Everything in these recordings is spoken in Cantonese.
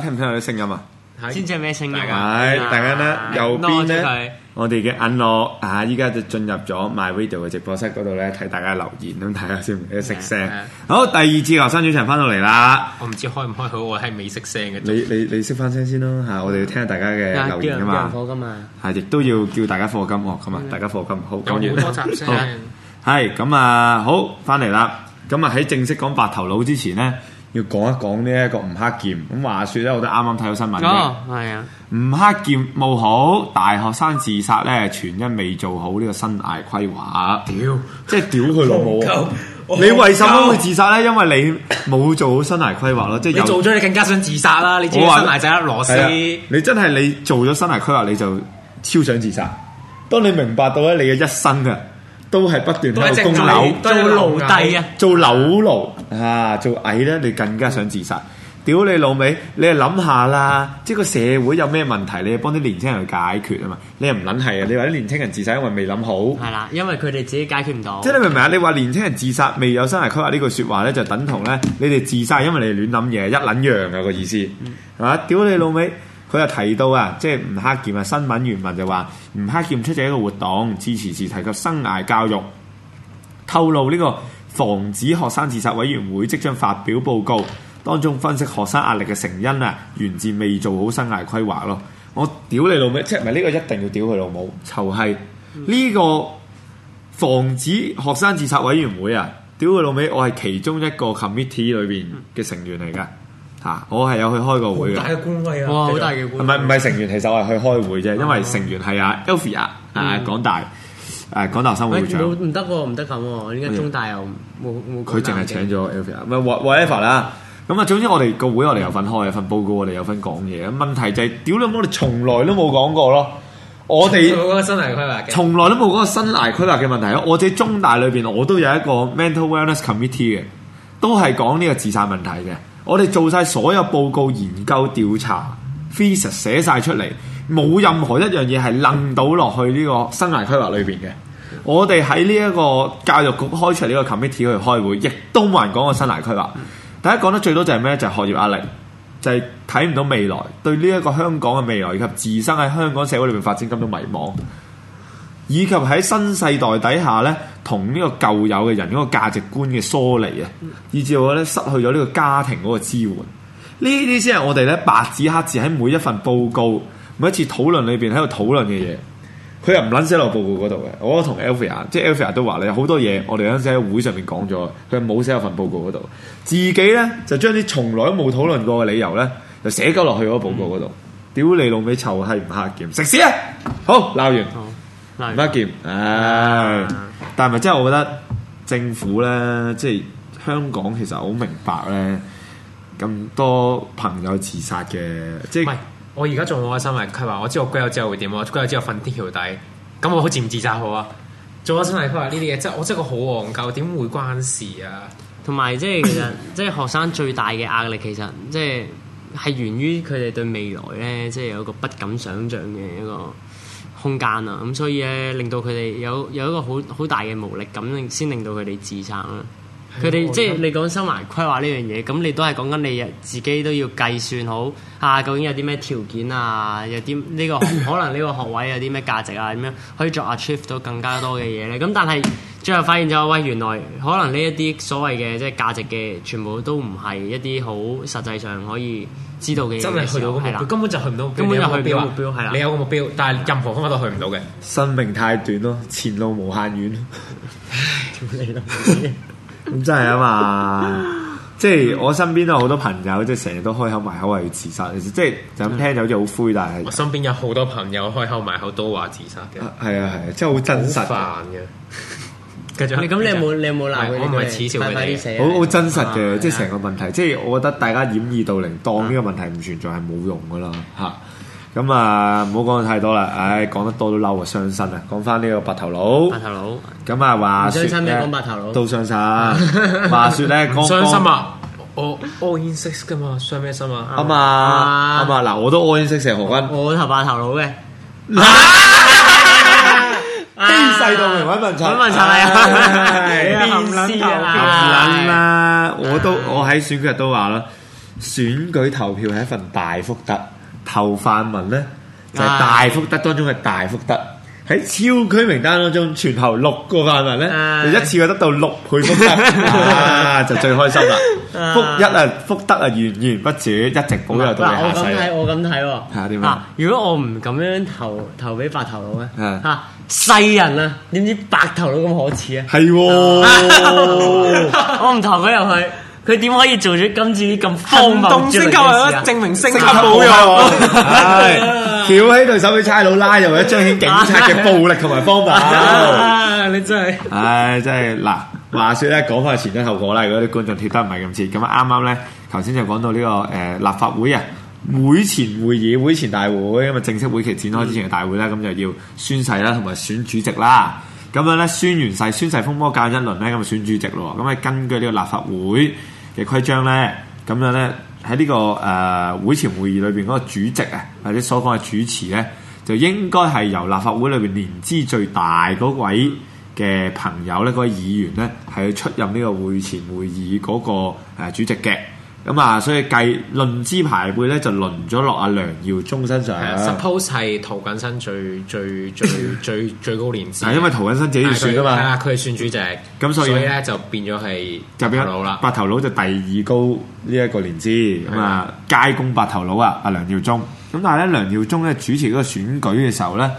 聽唔聽到啲聲音啊？先知係咩聲音啊？係大家咧，右邊咧，我哋嘅銀樂啊，依家就進入咗 MyRadio 嘅直播室嗰度咧，睇大家留言，咁睇下先，識聲。好，第二次，學生主場翻到嚟啦。我唔知開唔開好，我係未識聲嘅。你你你識翻聲先啦吓，我哋要聽下大家嘅留言噶嘛。係亦都要叫大家課金哦咁啊，大家課金，好講完啦。係咁啊，好，翻嚟啦。咁啊，喺正式講白頭佬之前咧。要講一講呢一個吳克儉。咁話說咧，我都啱啱睇到新聞嘅係啊，吳克儉冇好大學生自殺咧，全因未做好呢個生涯規劃。屌，即係屌佢老母！沒你為什麼會自殺咧？因為你冇做好生涯規劃咯，即係你做咗你更加想自殺啦。你知唔知生涯仔粒螺絲？啊？你真係你做咗生涯規劃，你就超想自殺。當你明白到咧，你嘅一生嘅，都係不斷喺度供樓，做奴隸啊，做樓奴啊，做矮咧，你更加想自殺？屌你老味。你又諗下啦，即係個社會有咩問題，你要幫啲年青人去解決啊嘛？你又唔捻係啊？你話啲年青人自殺，因為未諗好？係啦，因為佢哋自己解決唔到。即係你明唔明啊？你話年青人自殺未有生涯規劃呢句說話咧，就等同咧，你哋自殺因為你哋亂諗嘢，一捻樣嘅個意思，係嘛？屌你老味。佢又提到啊，即係吳克儉啊，新聞原文就話吳克儉出席一個活動，支持時提及生涯教育，透露呢個防止學生自殺委員會即將發表報告，當中分析學生壓力嘅成因啊，源自未做好生涯規劃咯。我屌你老味，即係唔係呢個一定要屌佢老母就係呢個防止學生自殺委員會啊！屌佢老味，我係其中一個 committee 裏邊嘅成員嚟噶。吓、啊，我係有去開個會嘅，大嘅官位啊，好續、哦、大嘅官。唔係唔係成員，其實我係去開會啫。嗯、因為成員係阿 Elvia，誒，港大，誒、嗯啊，港大生活會長。唔得喎，唔得咁喎，依家、啊啊、中大又冇冇。佢淨係請咗 Elvia，唔係 whatever 啦。咁啊，whatever, 對 總之我哋、嗰個會我哋有份開，有份報告，我哋有份講嘢。問題就係，屌你媽，我哋從來都冇講過咯。我哋，我嗰個生涯規劃，從來都冇嗰個生涯規劃嘅問題。我哋中大裏邊，我都有一個 mental wellness committee 嘅，都係講呢個自殺問題嘅。我哋做晒所有報告、研究、調查、feas 寫曬出嚟，冇任何一樣嘢係掕到落去呢個生涯規劃裏邊嘅。我哋喺呢一個教育局開出嚟呢個 committee 去開會，亦都冇人講過生涯規劃。大家講得最多就係咩？就係、是、學業壓力，就係睇唔到未來，對呢一個香港嘅未來以及自身喺香港社會裏面發展咁多迷茫。以及喺新世代底下咧，同呢個舊有嘅人嗰個價值觀嘅疏離啊，以致我咧失去咗呢個家庭嗰個支援。呢啲先係我哋咧白紙黑字喺每一份報告、每一次討論裏邊喺度討論嘅嘢。佢又唔撚寫落報告嗰度嘅。我同 Elvia 即係 Elvia 都話你好多嘢我哋嗰陣時喺會上面講咗，佢冇寫落份報告嗰度。自己咧就將啲從來都冇討論過嘅理由咧，就寫咗落去嗰報告嗰度。屌你老味臭閪吳克儉，食屎啊！好鬧完。唔得嘅，但係咪真係我覺得政府咧，即係香港其實好明白咧，咁多朋友自殺嘅，即係我而家仲好咗心理規劃，我知我過咗之後會點，我過咗之後瞓天橋底，咁我好自唔自殺好啊？做咗心理規劃呢啲嘢，即係我真係個好戇鳩，點會關事啊？同埋即係其實即係學生最大嘅壓力，其實即係係源於佢哋對未來咧，即係有一個不敢想像嘅一個。空間啊，咁所以咧、啊，令到佢哋有有一個好好大嘅無力感，先令到佢哋自殺啦。佢哋即係你講生涯規劃呢樣嘢，咁你都係講緊你自己都要計算好啊，究竟有啲咩條件啊，有啲呢、呢個可能呢個學位有啲咩價值啊，咁樣可以作 achieve 到更加多嘅嘢咧，咁但係最後發現咗，喂，原來可能呢一啲所謂嘅即係價值嘅全部都唔係一啲好實際上可以。知道嘅真係去到咁遠，佢、啊、根本就去唔到。根本有，有目標啊！你有個目標，啊、但係任何方法都去唔到嘅。生命太短咯，前路無限遠。 咁真係啊嘛！即係我身邊都有好多朋友，即係成日都開口埋口話要自殺。即係就咁聽有啲好灰，但係我身邊有好多朋友開口埋口都話自殺嘅。係啊係啊，啊，啊，即係好真實嘅。咁你咁你有冇你有冇鬧佢呢啲？好好真實嘅，即係成個問題，即係我覺得大家掩耳盜鈴，當呢個問題唔存在係冇用噶啦嚇。咁啊，唔好講太多啦，唉，講得多都嬲啊，傷身啊！講翻呢個白頭佬，白頭佬。咁啊話，唔傷身咩？講白頭佬都傷晒？話説咧，唔傷心啊？我我認識㗎嘛，傷咩心啊？啱啊啱啊！嗱，我都認識成何君，我係白頭佬嘅。機勢到嚟揾份財，揾份財啊！投啦投啦，我都我喺選舉日都話啦，選舉投票係一份大福德，投泛民咧就係大福德當中嘅大福德。喺超區名單當中，全投六個泛民咧，一次我得到六倍福德就最開心啦！福一啊，福德啊源源不絕，一直保佑到你下世。嗱，我咁睇，我咁睇喎。係啊？點啊？如果我唔咁樣投投俾白頭佬咧？吓？世人啊，點知白頭佬咁可恥啊？係喎， 我唔投佢入去，佢點可以做咗今次咁瘋狂嘅事啊？升級證明性格冇用，翹起對手去差佬拉，又或者彰顯警察嘅暴力同埋方法。 哎、你真係，唉、哎，真係嗱，話説咧，講翻前因後果啦，如果啲觀眾貼得唔係咁似，咁啱啱咧，頭先就講到呢、這個誒、呃、立法會啊。會前會議、會前大會，咁啊正式會期展開之前嘅大會咧，咁、嗯、就要宣誓啦，同埋選主席啦。咁樣咧，宣完誓、宣誓風波間一輪咧，咁啊選主席咯。咁啊，根據呢個立法會嘅規章咧，咁樣咧喺呢、呢個誒、呃、會前會議裏邊嗰個主席啊，或者所講嘅主持咧，就應該係由立法會裏邊年資最大嗰位嘅朋友咧，嗰位議員咧，係去出任呢個會前會議嗰個誒主席嘅。咁啊、嗯，所以計論資排輩咧，就輪咗落阿梁耀忠身上。Suppose 係涂謹申最最最最 最高年資。係因為涂謹申自己要選啊嘛。係啊，佢係選主席。咁所以咧就變咗係白頭佬啦。白頭佬就頭佬第二高呢一個年資。咁啊的、嗯，街工白頭佬啊，阿梁耀忠。咁但係咧，梁耀忠咧主持嗰個選舉嘅時候咧，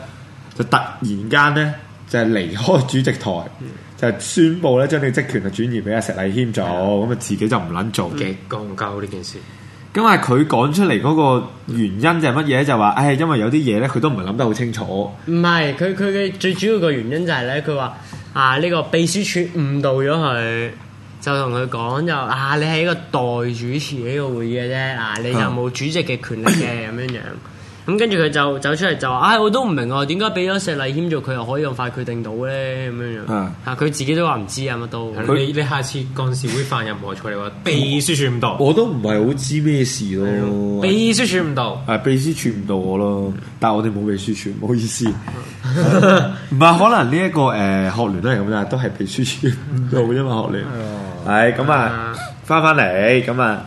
就突然間咧就離開主席台。嗯就宣布咧，將你個職權啊轉移俾阿石禮謙做，咁啊的自己就唔撚做嘅，講鳩呢件事。咁啊，佢講出嚟嗰個原因、嗯、就係乜嘢就話，唉、哎，因為有啲嘢咧，佢都唔係諗得好清楚。唔係，佢佢嘅最主要嘅原因就係、是、咧，佢話啊，呢、這個秘書處誤導咗佢，就同佢講就啊，你係一個代主持呢個會議嘅啫，啊，你就冇主席嘅權力嘅咁樣樣。的 咁跟住佢就走出嚟就話，唉，我都唔明啊，點解俾咗石禮謙做，佢又可以用快決定到咧？咁樣樣，吓佢自己都話唔知啊，乜都。佢你下次幹事會犯任何錯你話，秘書處唔到。我都唔係好知咩事咯。秘書處唔到，係秘書處唔到我咯。但係我哋冇秘書處，唔好意思。唔係可能呢一個誒學聯都係咁啦，都係秘書處唔到啫嘛學聯。係咁啊，翻翻嚟咁啊。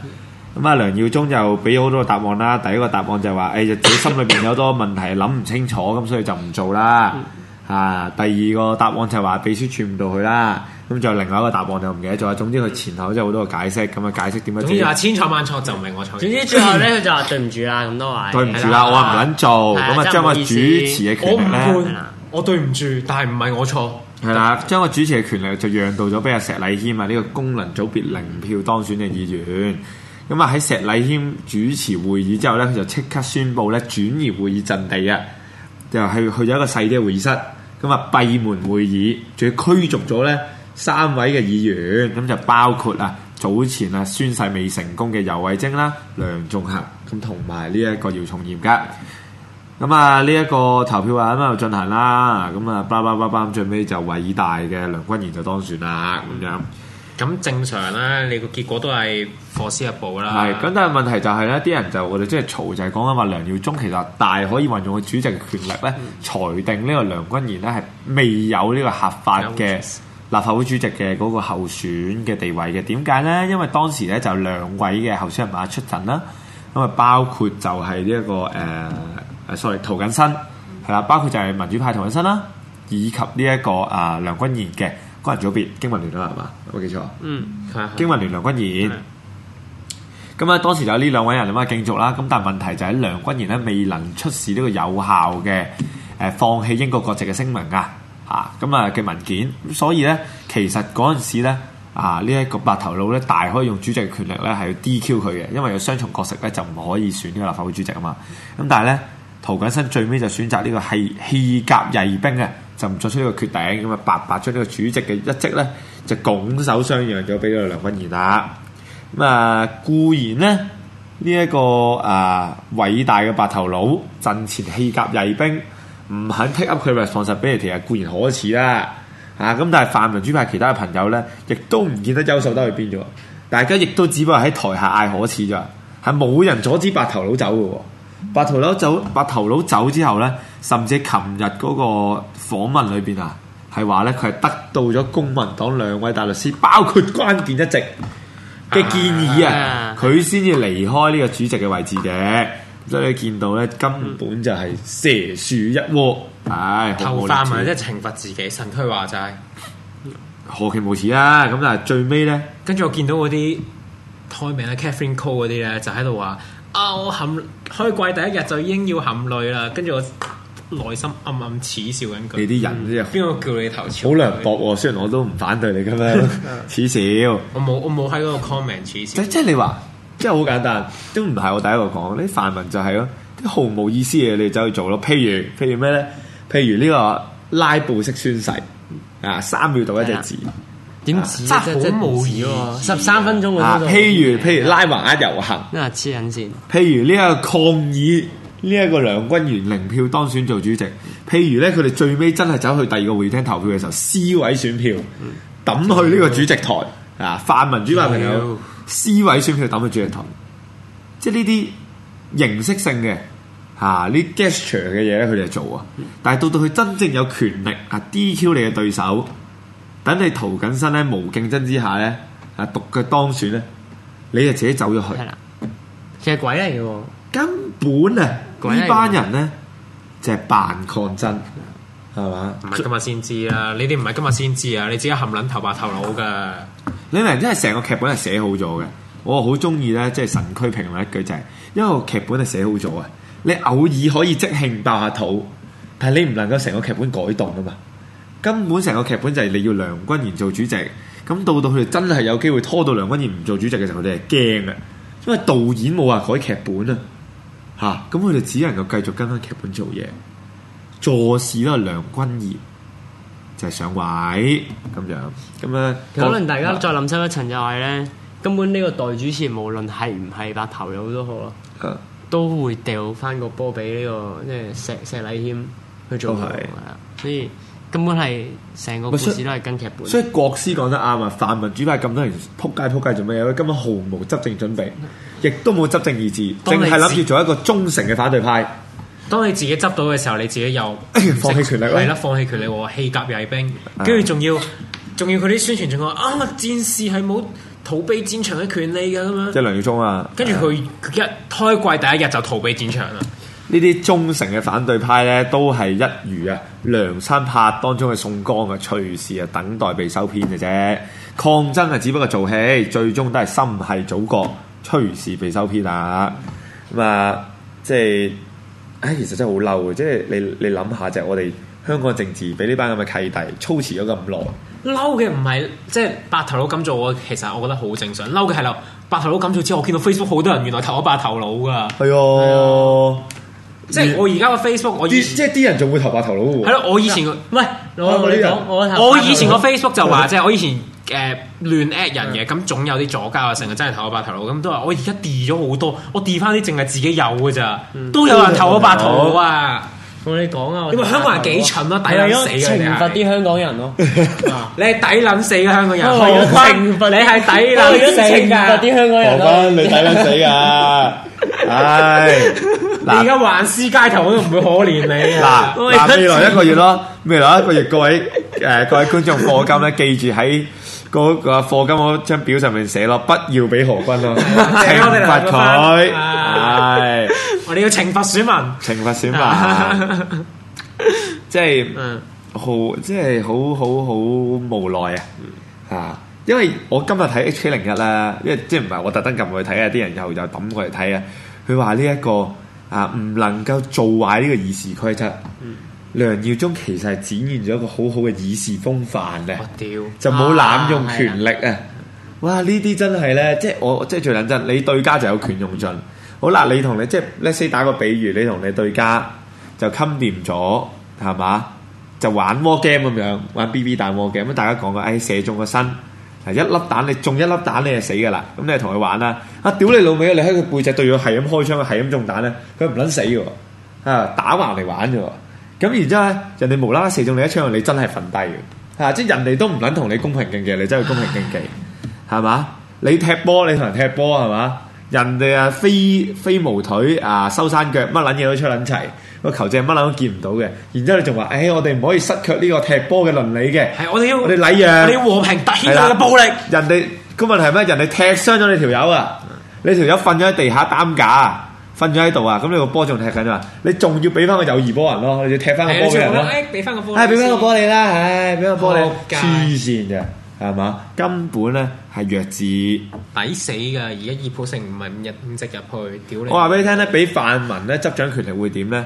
咁啊，梁耀忠就俾好多個答案啦。第一個答案就係話，誒、哎，自己心裏邊有多問題，諗唔清楚，咁所以就唔做啦。嗯、啊，第二個答案就係話，秘書處唔到佢啦。咁就另外一個答案就唔記得咗。總之佢前後即係好多嘅解釋，咁、那、啊、個、解釋點樣？總之話千錯萬錯就唔係我錯。嗯、總之最後咧，佢就話對唔住啦，咁多話。對唔住啦，我唔撚做，咁啊將個主持嘅權力，我對唔住，但係唔係我錯。係啦，將個主持嘅權力就讓到咗俾阿石禮謙啊呢個功能組別零票當選嘅議員。咁啊！喺石禮謙主持會議之後咧，佢就即刻宣佈咧轉移會議陣地啊！又去去咗一個細啲嘅會議室，咁啊閉門會議，仲要驅逐咗咧三位嘅議員，咁就包括啊早前啊宣誓未成功嘅游慧貞啦、梁仲恒，咁同埋呢一個姚崇賢噶。咁啊呢一個投票啊喺度進行啦，咁啊叭叭叭叭，最尾就偉大嘅梁君彥就當選啦咁樣。咁正常啦，你個結果都係錯失一步啦。係，咁但係問題就係、是、咧，啲人就我哋即係嘈，就係講緊話梁耀忠其實大可以運用佢主席嘅權力咧，嗯、裁定呢個梁君彥咧係未有呢個合法嘅立法會主席嘅嗰個候選嘅地位嘅。點解咧？因為當時咧就兩位嘅候選人馬出陣啦，咁啊包括就係呢一個誒誒，sorry，涂謹申係啦，包括就係民主派涂謹申啦，以及呢、這、一個啊、呃、梁君彥嘅。嗰日組別經民聯啦，係嘛？有冇記錯？嗯，係經民聯梁君彥。咁啊的，當時有呢兩位人啊嘛競逐啦。咁但係問題就係梁君彥咧未能出示呢個有效嘅誒放棄英國國籍嘅聲明啊。嚇、啊。咁啊嘅文件，所以咧其實嗰陣時咧啊呢一、這個白頭佬咧大可以用主席權力咧係 DQ 佢嘅，因為有雙重角色咧就唔可以選呢個立法會主席啊嘛。咁但係咧，涂謹申最尾就選擇呢個係棄甲曳兵嘅。就唔作出呢個決定咁啊，白白將呢個主席嘅一職咧就拱手相讓咗俾個梁君彥啦。咁啊固然咧呢一、這個啊偉大嘅白頭佬陣前棄甲曳兵，唔肯 pick up 佢咪放實俾你哋啊固然可恥啦、啊。嚇、啊、咁但係泛民主派其他嘅朋友咧，亦都唔見得優秀得去邊咗。大家亦都只不過喺台下嗌可恥咋，係、啊、冇人阻止白頭佬走嘅、啊。白頭佬走，白頭佬走之後咧，甚至琴日嗰個訪問裏邊啊，係話咧佢係得到咗公民黨兩位大律師，包括關鍵一席嘅建議啊，佢先至離開呢個主席嘅位置嘅。啊、所以你見到咧根本就係蛇鼠一窩，係頭髮咪即係懲罰自己，神推話齋，何其無恥啊！咁但係，最尾咧，跟住我見到嗰啲台名咧 Catherine Cole 嗰啲咧，就喺度話。啊、我含開季第一日就已經要含淚啦，跟住我內心暗暗恥笑緊佢。你啲人邊個、嗯、叫你投錢？好涼、嗯、薄喎、啊，雖然我都唔反對你噶咩，恥， 笑。我冇我冇喺嗰個 comment 恥笑。即即你話，即係好簡單，都唔係我第一個講。啲泛民就係、是、咯，啲毫無意思嘅你走去做咯。譬如譬如咩咧？譬如呢譬如個拉布式宣誓啊，三秒讀一隻字、嗯。嗯嗯點止真係好冇止喎！十三分鐘嗰個譬如譬如拉橫額遊行，嗱，黐緊線。譬如呢一個抗議，呢、這、一個梁君彥零票當選做主席。譬如咧，佢哋最尾真係走去第二個會議廳投票嘅時候，C 位選票抌去呢個主席台啊！嗯、泛民主派朋友，C 位有有 選票抌去主席台，即係呢啲形式性嘅吓，呢 gesture 嘅嘢咧，佢哋做啊。但係到到佢真正有權力啊，DQ 你嘅對手。等你逃緊身咧，無競爭之下咧，啊，獨腳當選咧，你就自己走咗去，係啦，隻鬼嚟嘅喎，根本啊，鬼呢班人咧，即係扮抗爭，係嘛？唔係今日先知啦，你哋唔係今日先知啊，你自己冚撚頭白頭腦噶，你哋真係成個劇本係寫好咗嘅。我好中意咧，即係神區評論一句就係，因為個劇本係寫好咗啊。你偶爾可以即興爆下肚，但係你唔能夠成個劇本改動噶嘛。根本成個劇本就係你要梁君彥做主席，咁到到佢哋真係有機會拖到梁君彥唔做主席嘅時候，佢哋係驚嘅，因為導演冇話改劇本啊，吓，咁佢哋只能夠繼續跟翻劇本做嘢，坐視都係梁君彥就係、是、上位咁樣，咁樣，樣可能大家再諗深一層就係咧，啊、根本呢個代主持人無論係唔係白頭佬都好咯，啊、都會掉翻個波俾呢個即係石石禮謙去做，係是，所以。根本係成個故事都係跟劇本。所以，所以國師講得啱啊！泛民主派咁多人撲街撲街做咩啊？佢根本毫無執政準備，亦都冇執政意志，淨係諗住做一個忠誠嘅反對派。當你自己執到嘅時候，你自己又放棄權力。係啦，放棄權力，我棄甲曳兵，跟住仲要仲要佢啲宣傳仲話啊，戰士係冇逃避戰場嘅權利嘅咁樣。即係梁耀忠啊！跟住佢佢一開季第一日就逃避戰場啦。呢啲忠誠嘅反對派咧，都係一如啊梁山泊當中嘅宋江嘅隨時啊等待被收編嘅啫。抗爭啊，只不過做戲，最終都係心係祖國，隨時被收編啊！咁啊，即係啊，其實真係好嬲嘅，即係你你諗下就係我哋香港嘅政治俾呢班咁嘅契弟操持咗咁耐，嬲嘅唔係即係白頭佬咁做，其實我覺得好正常。嬲嘅係啦，白頭佬咁做之後，我見到 Facebook 好多人原來投白頭佬噶，係啊，哎呦。哎即係我而家個 Facebook，我以前，即係啲人仲會投白頭佬喎。係咯，我以前喂，係，我同你講，我以前個 Facebook 就話即係我以前誒亂 at 人嘅，咁總有啲左膠啊，成日真係投我白頭佬咁都話我而家跌咗好多，我 delete 翻啲淨係自己有嘅咋，都有人投我白頭佬啊！同你講啊，你話香港人幾蠢啊，抵撚死嘅，懲罰啲香港人咯，你抵撚死嘅香港人，羅賓，你係抵撚死嘅，懲罰啲香港人，你抵撚死啊。唉。嗱，而家橫屍街頭我都唔會可憐你啊！嗱，未來一個月咯，未來一個月各位誒各位觀眾課金咧，記住喺個個課金我張表上面寫咯，不要俾何君咯，懲罰佢，我哋要懲罰選民，懲罰選民，即係好，即係好好好無奈啊！啊，因為我今日睇 HK 零一啦，因為即係唔係我特登撳去睇啊，啲人又又抌過嚟睇啊，佢話呢一個。啊！唔能夠做壞呢個議事規則。嗯、梁耀忠其實係展現咗一個好好嘅議事風範，嘅、啊，就冇濫用權力啊！啊哇！呢啲真係咧，即係我即係最認真，你對家就有權用盡。嗯、好嗱，你同你即係 Let's say 打個比喻，你同你對家就冚掂咗，係嘛？就玩 war game 咁樣，玩 BB 彈 war game 咁，大家講個誒射中個身。係一粒彈，你中一粒彈，你就死噶啦。咁你就同佢玩啦。啊，屌你老味！啊！你喺佢背脊對佢係咁開槍，係咁中彈咧，佢唔捻死嘅。啊，打橫嚟玩啫。咁然之後咧，人哋無啦啦射中你一槍，你真係瞓低嘅。啊，即係人哋都唔捻同你公平競技，你真係公平競技，係嘛？你踢波，你同人踢波係嘛？人哋啊，飛飛毛腿啊，收山腳，乜捻嘢都出捻齊。個球證乜撚都見唔到嘅，然之後你仲話，誒，我哋唔可以失卻呢個踢波嘅倫理嘅。係，我哋要我哋禮讓，我哋和平，唔好出現個暴力。人哋個問題係咩？人哋踢傷咗你條友啊！你條友瞓咗喺地下擔架啊，瞓咗喺度啊，咁你個波仲踢緊啊？你仲要俾翻個友誼波人咯？你仲踢翻個波嘅咩？誒，俾翻個波，誒，俾翻個波你啦，誒，俾個波你。黐線嘅，係嘛？根本咧係弱智，抵死㗎！而家葉保成唔係五日五隻入去，屌你！我話俾你聽咧，俾泛民咧執掌權力會點咧？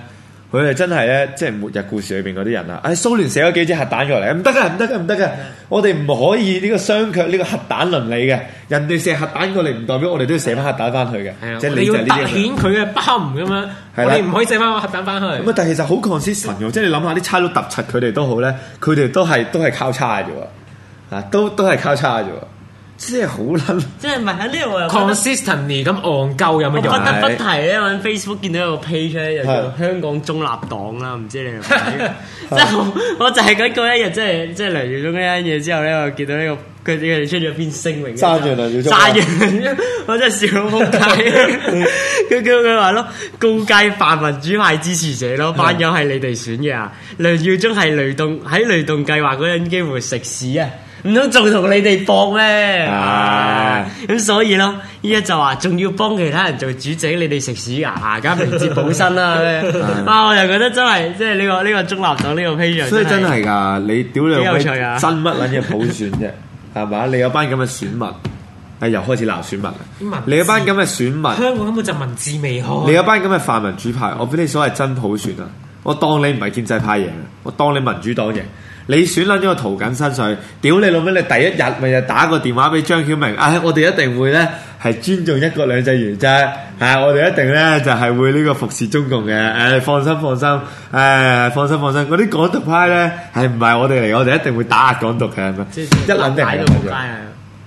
佢哋真係咧，即係末日故事裏邊嗰啲人啊！哎，蘇聯射咗幾隻核彈過嚟，唔得噶，唔得噶，唔得噶！的我哋唔可以呢個雙強呢個核彈倫理嘅，人哋射核彈過嚟，唔代表我哋都要射翻核彈翻去嘅。的即你要凸顯佢嘅不堪咁樣，你唔可以射翻核彈翻去。咁啊，但係其實想想好 concept 即係你諗下啲差佬揼柒佢哋都好咧，佢哋都係都係交叉嘅啫啊，都都係交叉啫喎。即係好撚，即係唔係喺呢度啊 consistency 咁戇鳩有乜用？不得不提咧，我喺 Facebook 見到一個 page 咧，叫做香港中立黨啦，唔知你係咪即係我，我就係嗰一日，即係即係梁耀忠嗰單嘢之後咧，我見到呢、呢個佢哋出咗篇聲明。揸住梁耀忠，三人，我真係笑風雞。佢佢佢話咯，高階泛民主派支持者咯，班友係你哋選嘅啊，梁耀忠係雷動喺雷動計劃嗰陣，幾乎食屎啊！唔通仲同你哋搏咩？唉、啊，咁、啊、所以咯，依家就話仲要幫其他人做主席，你哋食屎牙，大家明哲保身啦。但、 啊、我又覺得真係，即係呢、這個呢、這個中立黨呢個偏樣。所以真係噶，你屌你鬼，有趣真乜捻嘢普選啫？係嘛？ 你有班咁嘅選民，誒又開始鬧選，字選民。選你有班咁嘅選民。香港根本就民智未開。嗯、你有班咁嘅泛民主派，我俾你所謂真普選啊！我當你唔係建制派贏，我當你民主黨贏。你選撚咗個涂謹申上屌你老味！你第一日咪就打個電話俾張曉明，唉、哎，我哋一定會呢，係尊重一國兩制原則，係、啊、我哋一定呢，就係、是、會呢個服侍中共嘅，唉、哎，放心、啊、放心，唉、啊，放心、啊、放心，嗰、啊、啲港獨派呢，係唔係我哋嚟？我哋一定會打壓港獨嘅，咪？一撚定係冇街啊！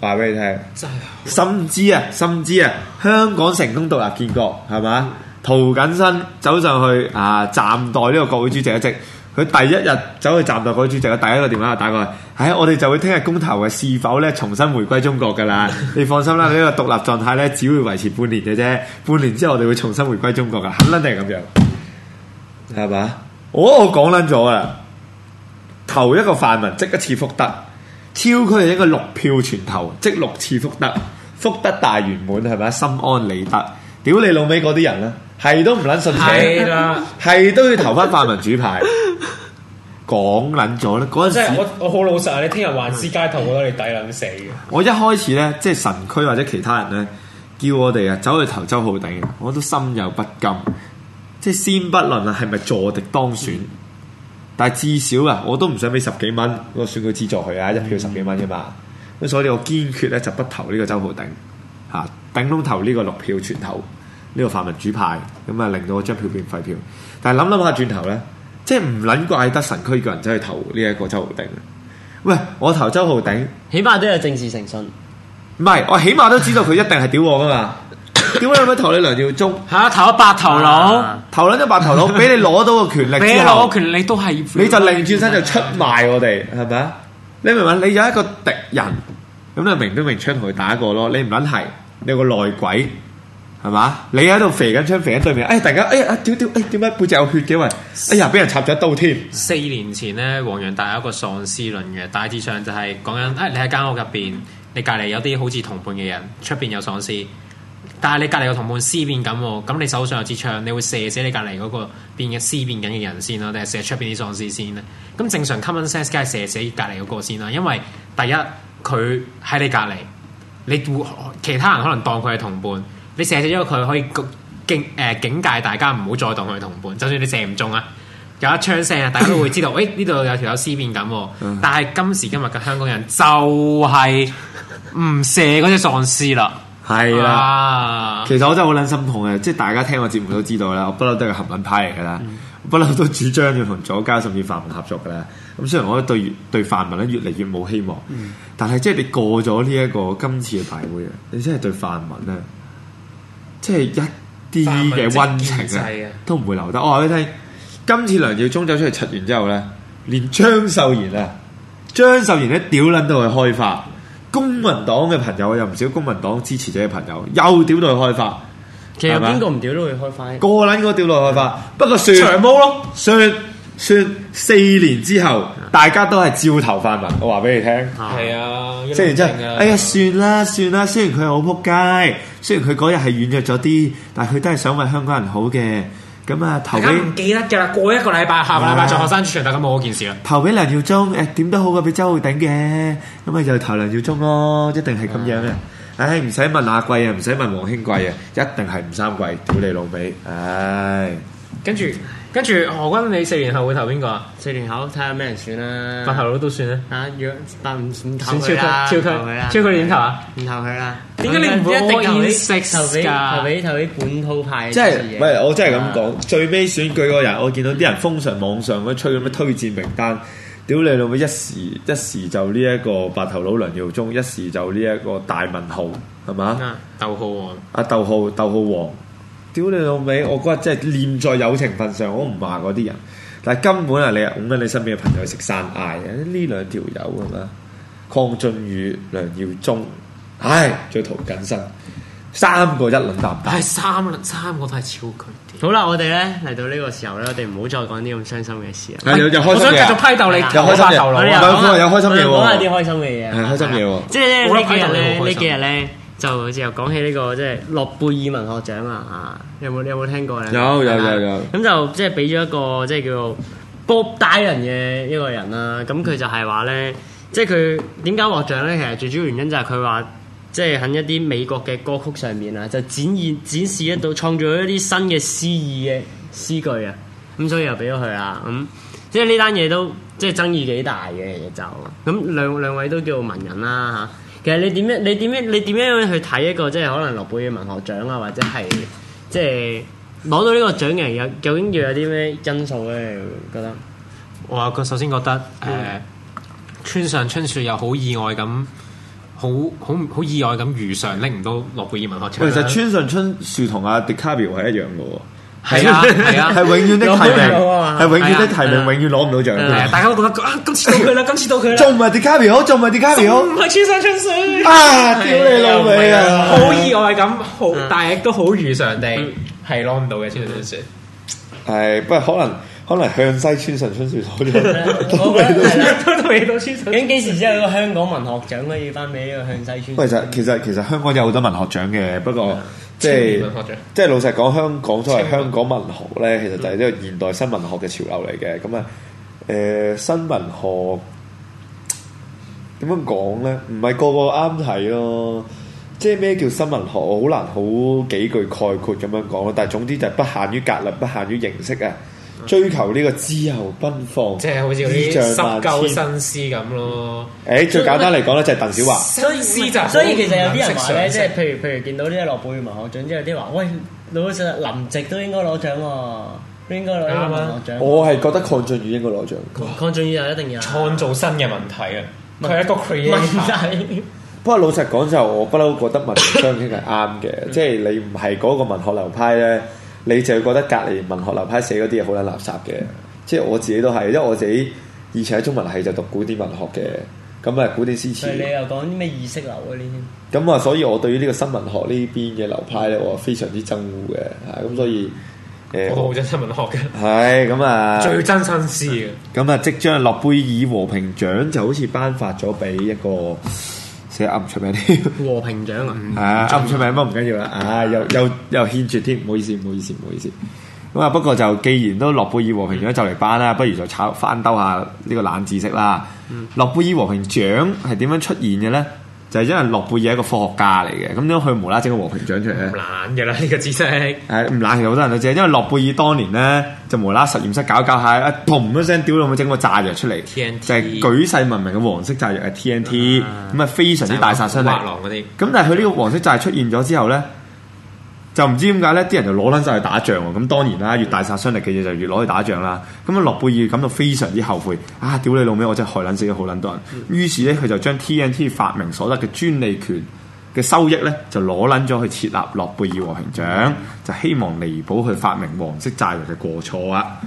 話俾你聽，甚至啊，甚至啊，香港成功獨立建國係嘛？涂謹申走上去啊，暫代呢個國會主席一職。佢第一日走去站台嗰個主席嘅第一個電話打過嚟，唉、哎，我哋就會聽日公投嘅是否咧重新回歸中國噶啦，你放心啦，佢呢 個獨立狀態咧只會維持半年嘅啫，半年之後我哋會重新回歸中國噶，肯定係咁樣，係嘛、哦？我我講捻咗啦，投一個泛民即一次福德，超區係應該六票全投，即六次福德，福德大圓滿係咪？心安理得，屌你老味嗰啲人啦！係都唔捻信你，係 都要投翻泛民主派，講捻咗咧。嗰陣時我我，我好老實啊，你聽日環市街頭，我覺你抵捻死嘅。我一開始咧，即係神區或者其他人咧，叫我哋啊走去投周浩鼎，我都心有不甘。即係先不論啊，係咪助敵當選？嗯、但係至少啊，我都唔想俾十幾蚊，我選舉資助佢啊，一票十幾蚊噶嘛。咁所以我堅決咧就不投呢個周浩鼎，吓頂籠投呢個六票全投。呢個泛民主派咁啊，令到我張票變廢票。但係諗諗下轉頭咧，即係唔捻怪得神區個人走去投呢一個周浩鼎。喂，我投周浩鼎，起碼都有政治誠信。唔係，我起碼都知道佢一定係屌我噶嘛？屌你咪投你梁耀忠吓，投一白頭佬，投捻隻白頭佬俾你攞到個權力，俾你攞個權力都係，你就擰轉身就出賣我哋係咪啊？你明唔明？你有一個敵人咁，你明兵明槍同佢打過咯。你唔捻係，你有個內鬼。係嘛？ 你喺度肥緊，張肥喺對面。誒、哎，大家誒啊，屌屌，誒點解背脊有血嘅喂？哎呀，俾、哎哎、人插咗刀添。四年前咧，黃洋達有一個喪屍論嘅大致上就係講緊誒，你喺間屋入邊，你隔籬有啲好似同伴嘅人，出邊有喪屍，但係你隔籬嘅同伴屍變緊，咁你手上有支槍，你會射死你隔籬嗰個變嘅屍變緊嘅人先啦，定係射出邊啲喪屍先咧？咁正常 common sense 梗係射死隔籬嗰個先啦，因為第一佢喺你隔籬，你會其他人可能當佢係同伴。你射死咗佢，可以警誒警戒大家唔好再當佢同伴。就算你射唔中啊，有一槍聲啊，大家都會知道，誒呢度有條友屍變緊。但係今時今日嘅香港人就係唔射嗰隻喪屍啦。係、嗯、啊，其實我真係好撚心痛嘅，即係大家聽我節目都知道啦。我不嬲都係合文派嚟㗎啦，不嬲、嗯、都主張要同左家甚至泛民合作㗎啦。咁雖然我對對泛民咧越嚟越冇希望，嗯、但係即係你過咗呢一個今次嘅大會，你真係對泛民咧。即係一啲嘅溫情啊，都唔會留得。啊、我話俾你聽，今次梁耀忠走出去柒完之後咧，連張秀賢啊、張秀賢咧屌撚都去開花。公民黨嘅朋友有唔少，公民黨支持者嘅朋友又屌到去開花。其實邊吧個唔屌都去開花？個撚個屌到去開花。不過算長毛咯，算算四年之後。大家都係照頭發問，我話俾你聽。係啊，即係真係，誒正哎呀，算啦算啦，雖然佢好仆街，雖然佢嗰日係軟弱咗啲，但係佢都係想為香港人好嘅。咁、嗯、啊，投俾大家唔記得噶啦，過一個禮拜，下個禮拜再學生主場，大家冇嗰件事啦。投俾梁耀忠，誒、哎、點都好過俾周浩鼎嘅，咁咪就投梁耀忠咯，一定係咁樣嘅。唉、啊，唔使、哎、問阿貴啊，唔使問黃興貴啊，一定係吳三桂，屌你老味，唉、哎！跟住。跟住何君，你四年後會投邊個啊？四年後睇下咩人選啦。白頭佬都算咧。啊，如果但唔選投佢超級，超級，超級點投啊！唔投佢啦。點解你唔會一定投畀投畀投畀本土派？即係唔係？我真係咁講，最尾選舉嗰日，我見到啲人封上網上嗰吹咁嘅推薦名單，屌你老母！一時一時就呢一個白頭佬梁耀忠，一時就呢一個大問號係嘛？逗號王。阿逗號逗號王。屌你老味，我覺得真係念在友情份上，我唔話嗰啲人。但係根本啊，你㧬緊你身邊嘅朋友食山嗌啊！呢兩條友係嘛？鄺俊宇、梁耀忠，唉，最逃緊生，三個一冷淡，係、哎、三三個都係超佢。點？好啦，我哋咧嚟到呢個時候咧，我哋唔好再講啲咁傷心嘅事啦。又、哎、開、啊、我想繼續批鬥你，又開心嘅，又、啊、開心開心嘅、啊，講下啲開心嘅嘢，開心嘢、啊。即係呢幾日咧，呢幾日咧。 就好似又講起呢、這個即係、就是、諾貝爾文學獎啊！有冇你有冇聽過咧有的？有有有有，咁就即係俾咗一個即係、就是、叫做 Bob Dylan 人嘅一個人啦。咁佢就係話咧，即係佢點解獲獎咧？其實最主要原因就係佢話，即係喺一啲美國嘅歌曲上面啊，就展現展示一道創造咗一啲新嘅詩意嘅詩句啊。咁所以又俾咗佢啊。咁即係呢單嘢都即係、就是、爭議幾大嘅就咁兩兩位都叫做文人啦嚇。啊。其實你點樣？你點樣？你點樣去睇一個即係可能諾貝爾文學獎啊，或者係即係攞到呢個獎嘅人究竟要有啲咩因素咧？你覺得我首先覺得誒，村、呃、上春樹又好意外咁，好好好意外咁，如常拎唔到諾貝爾文學獎、啊。其實村上春樹同阿迪卡比奧係一樣嘅喎。係啊，係、啊、 永遠的提名，係、啊、永遠的提名，永遠攞唔到獎、啊 嗯。大家都覺得：「啊，今次到佢啦，今次到佢啦。仲唔係迪卡比奧？仲唔係迪卡比奧？村上春樹啊！屌、 啊、 你老味啊！好意外係咁，好、啊，但係、嗯、都好如常地，係攞唔到嘅村上春樹。係，不過可能。可能向西村上春樹，都未到村長。究竟幾時先有個香港文學獎咧？要翻俾呢個向西村。其實其實其實香港有好多文學獎嘅，不過的即係即係老實講，香港所謂香港文學咧，文其實就係呢個現代新文學嘅潮流嚟嘅。咁啊、嗯，誒、呃、新文學點樣講咧？唔係個個啱睇咯。即係咩叫新文學？我好難好幾句概括咁樣講咯。但係總之就不限於格律，不限於形式啊。追求呢個自由奔放，即係好似嗰啲十新詩咁咯。誒，最簡單嚟講咧，就係鄧小華。所以，所以其實有啲人話咧，即係譬如譬如見到啲諾貝爾文學獎，即係有啲話，喂，老實林夕都應該攞獎喎，應該攞啱獎。我係覺得鄺俊宇應該攞獎，鄺俊宇又一定要創造新嘅問題啊，佢一個 creative 問題。不過老實講就，我不嬲覺得文學獎係啱嘅，即係你唔係嗰個文學流派咧。你就覺得隔籬文學流派寫嗰啲嘢好撚垃圾嘅，即係我自己都係，因為我自己以前喺中文系就讀古典文學嘅，咁啊古典詩詞。你又講啲咩意識流啊？呢啲？咁啊，所以我對於呢個新文學呢邊嘅流派咧，我非常之憎惡嘅嚇，咁所以誒，呃、我好憎新文學嘅。係咁啊， 最憎新詩。咁啊，即將諾貝爾和平獎就好似頒發咗俾一個。即係噏唔出名啲 和平獎、嗯、啊，啊噏唔、嗯、出名不過唔緊要啦，啊又又又欠缺添，唔好意思，唔好意思，唔好意思，咁啊不，不過就既然都諾貝爾和平獎就嚟頒啦，嗯、不如就炒翻兜下呢個冷知識啦。諾貝爾和平獎係點樣出現嘅咧？就係、是、因為諾貝爾係一個科學家嚟嘅，咁點解佢無啦整個和平獎出嚟咧？懶嘅啦，呢個知識。係唔懶，其實好多人都知，因為諾貝爾當年咧就無啦啦實驗室搞搞下，一砰一聲，屌到佢整個炸藥出嚟，就係舉世聞名嘅黃色炸藥係 TNT，咁啊非常之大殺傷力。啲。咁但係佢呢個黃色炸出現咗之後咧。就唔知點解咧，啲人就攞撚晒去打仗喎。咁當然啦，越大殺傷力嘅嘢就越攞去打仗啦。咁啊，諾貝爾感到非常之後悔啊！屌你老味，我真係害撚死咗好撚多人。於是咧，佢就將 TNT 發明所得嘅專利權嘅收益咧，就攞撚咗去設立諾貝爾和平獎，就希望彌補佢發明黃色炸藥嘅過錯啊！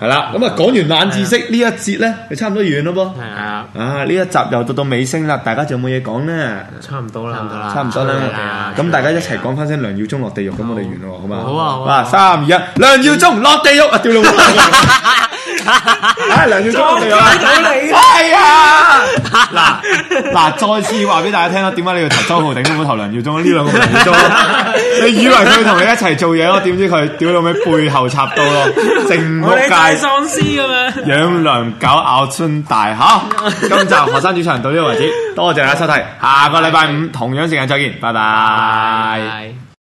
係啦，咁啊，講完冷知識了一節呢一節咧，就差唔多完咯噃。係了啊，啊呢一集又到到尾聲啦，大家仲有冇嘢講咧？差唔多啦，差唔多啦，差唔多啦。咁大家一齊講翻聲梁耀忠落地獄，咁好我哋完咯，好嘛、啊？好啊，好啊。三二一，梁耀忠落地獄啊，掉落去。哈！ 梁耀忠嚟你係 啊！嗱嗱，再次話俾大家聽啦，點解你要投周浩鼎，唔好投梁耀忠呢？兩個無賴，你以為佢會同你一齊做嘢咯？點知佢屌到妹背後插刀咯？正屋界喪屍噉樣？養狼狗咬春袋吓，今集學生主場到呢個為止，多謝大家收睇，下個禮拜五同樣時間再見，拜拜。Bye bye.